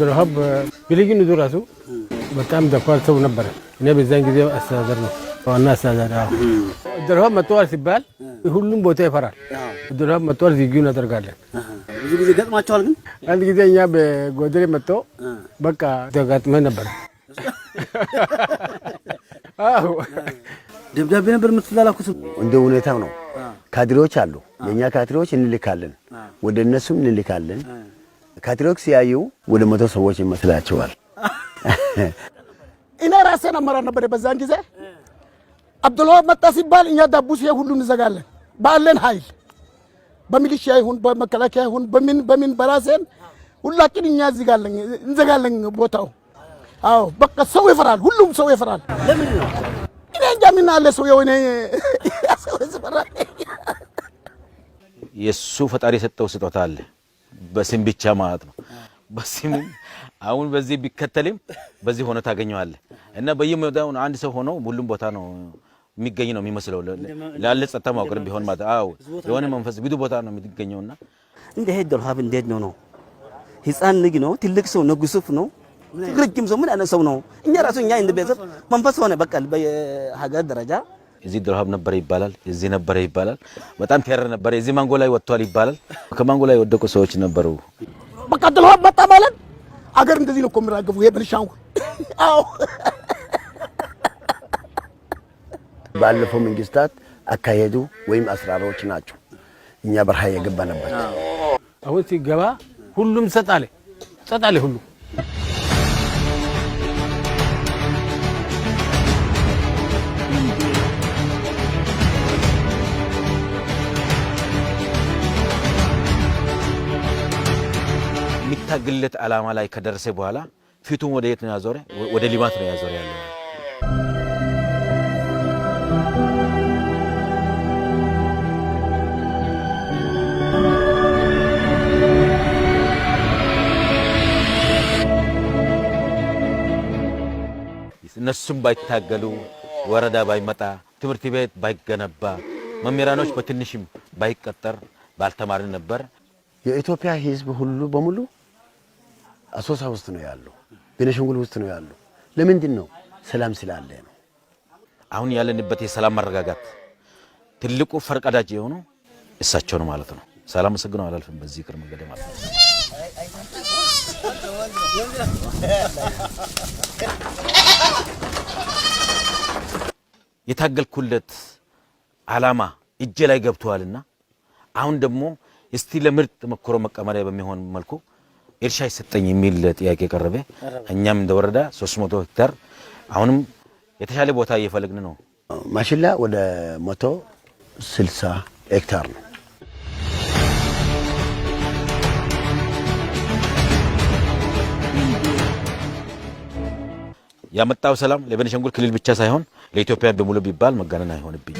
ድረሀብ ድረሃብ ንዱ ራሱ በጣም ደፋር ሰው ነበረ። እኔ በዛን ጊዜ አስተዳደር ነው ዋና አስተዳደር። ድረሃብ መጥተዋል ሲባል ሁሉም ቦታ ይፈራል። ድረሃብ መጥተዋል ዝግጁ እናደርጋለን። ብዙ ጊዜ ገጥማቸዋል። ግን አንድ ጊዜ እኛ በጎደሬ መጥቶ በቃ ተጋጥመ ነበረ። ደብዳቤ ነበር የምትላላኩት? እንደ ሁኔታው ነው። ካድሬዎች አሉ፣ የእኛ ካድሬዎች እንልካለን፣ ወደ እነሱም እንልካለን ካትሪክ ሲያዩ ወደ መቶ ሰዎች ይመስላቸዋል። እኔ ራሴን አመራር ነበር በዛን ጊዜ። አብዱላህ መጣ ሲባል እኛ ዳቡስ ሁሉ እንዘጋለን ባለን ኃይል በሚሊሽያ ይሁን በመከላከያ ይሁን በምን በምን በራሴን ሁላችን እኛ እንዘጋለን እንዘጋለን ቦታው። አዎ በቃ ሰው ይፈራል፣ ሁሉም ሰው ይፈራል። ለምን ነው እኔ እንጃ ምን አለ ሰው የሆነ ሰው ይፈራል። የሱ ፈጣሪ የሰጠው ስጦታ አለ በስም ብቻ ማለት ነው። በስም አሁን በዚህ ቢከተልም በዚህ ሆነ ታገኘዋለህ እና በየመዳው አንድ ሰው ሆኖ ሁሉም ቦታ ነው የሚገኝ ነው የሚመስለው ላለ ጸጥታ ማውቀር ቢሆን ማለት አዎ፣ የሆነ መንፈስ ብዙ ቦታ ነው የሚገኘውና እንደ ሄደል ሀብ እንዴት ነው ነው ህፃን ልጅ ነው ትልቅ ሰው ነው ግሱፍ ነው ረጅም ሰው ምን አይነት ሰው ነው? እኛ ራሱ እኛ እንደ ቤተሰብ መንፈስ ሆነ በቃ በሀገር ደረጃ እዚህ ድርሃብ ነበረ ይባላል፣ እዚህ ነበረ ይባላል። በጣም ቴረር ነበረ። እዚህ ማንጎ ላይ ወጥቷል ይባላል። ከማንጎ ላይ የወደቁ ሰዎች ነበሩ። በቃ ድርሃብ መጣ ማለት አገር እንደዚህ ነው እኮ የምራገፉ። ይሄ ቤኒሻንጉል አዎ። ባለፈው መንግስታት አካሄዱ ወይም አስራሮች ናቸው። እኛ በረሃ የገባንበት አሁን ሲገባ ሁሉም ጸጥ አለ፣ ጸጥ አለ ሁሉ የሚታግለት ዓላማ ላይ ከደረሰ በኋላ ፊቱን ወደ የት ነው ያዞረ? ወደ ልማት ነው ያዞረ ያለ እነሱም ባይታገሉ ወረዳ ባይመጣ ትምህርት ቤት ባይገነባ መምህራኖች በትንሽም ባይቀጠር ባልተማርን ነበር። የኢትዮጵያ ሕዝብ ሁሉ በሙሉ አሶሳ ውስጥ ነው ያለው፣ ቤኒሻንጉል ውስጥ ነው ያለው። ለምንድን ነው? ሰላም ስላለ ነው። አሁን ያለንበት የሰላም መረጋጋት ትልቁ ፈርቀዳጅ የሆኑ እሳቸው ነው ማለት ነው። ሰላም መስግነው አላልፍም በዚህ ቅር መንገድ ማለት ነው። የታገልኩለት አላማ እጄ ላይ ገብቷልና አሁን ደግሞ እስቲ ለምርጥ መኮሮ መቀመሪያ በሚሆን መልኩ እርሻ ይሰጠኝ የሚል ጥያቄ ቀረበ። እኛም እንደ ወረዳ 300 ሄክታር አሁንም የተሻለ ቦታ እየፈለግን ነው። ማሽላ ወደ 160 ሄክታር ነው። ያመጣው ሰላም ለቤኒሻንጉል ክልል ብቻ ሳይሆን ለኢትዮጵያ በሙሉ ቢባል መጋነን አይሆንብኝ